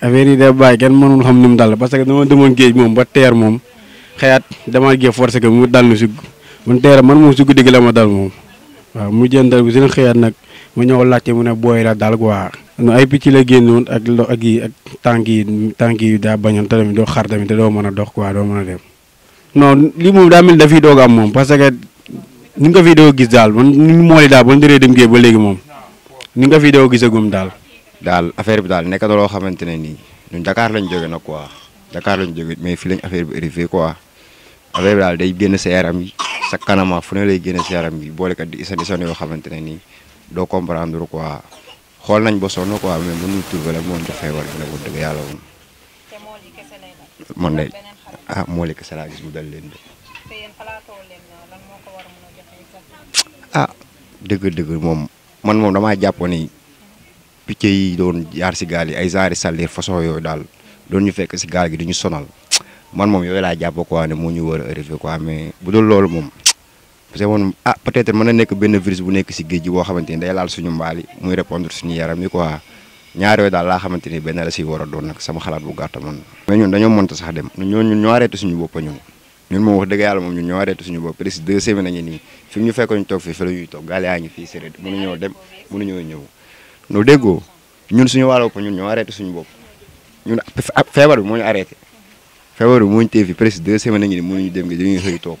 affaire yi day bàyyi kenn mënul xam ni mu dal parce que dama demoon géej moom ba teer moom xëyaat dama géej forcé que mu dal nu si mun teer man moom si guddi gi la ma dal moom waaw mu jëndal mu ñëw laajte mu ne booy la dal quoi. no ay picc la génnoon ak lo ak yi ak tànk yi tànk yi daa bañoon te tamit doo xar tamit doo mën a dox quoi doo mën a dem non lii moom daa mel dafiy doog am moom parce que ni nga ko fi doog gis daal man ni mool yi daal ba mu diree dem géej ba léegi moom ni nga fi doog gisagum daal. daal affaire bi daal nekk na loo xamante ne nii ñun Dakar lañ jóge nag quoi Dakar lañ jóge mais fii lañ affaire bi arrivé quoi affaire bi daal day génn sa yaram yi sa kanama fu ne lay génn sa yaram yi boolekat di isan isan yoo xamante ne nii doo comprendre quoi xool nañ ba sonn quoi mais mënuñ trouver la moom dafay war bi dëgg yàlla moom. man de ah ah, moom man moom damaa jàpp nii picc yi doon jaar si gaal yi ay zaari sallir façon yooyu daal doon ñu fekk si gaal gi du ñu sonal man moom yooyu laa jàpp quoi ne ñu war a arrivé quoi mais bu dul loolu moom parce que moom ah peut-être mën na nekk benn virus bu nekk ni day laal suñu mbaal yi muy répondre suñu yaram yi quoi ñaar yooyu daal laa ni benn la si war a doon nag sama xalaat bu gàtt man. mais ñun dañoo mënta sax dem ñun ñun ñoo arrêté suñu bopp ñun ñun moom wax dëgg yàlla moom fi mu ñu fekkoon ñu toog fii fi la ñëw nu déggoo ñun suñu wàllu ko ñun ñoo arrêté suñu bopp ñun feebar bi moo ñu arrêté feebar bi moo ñu téye fi presque deux semaines a ngi nii mënuñu dem nga dañuy toog.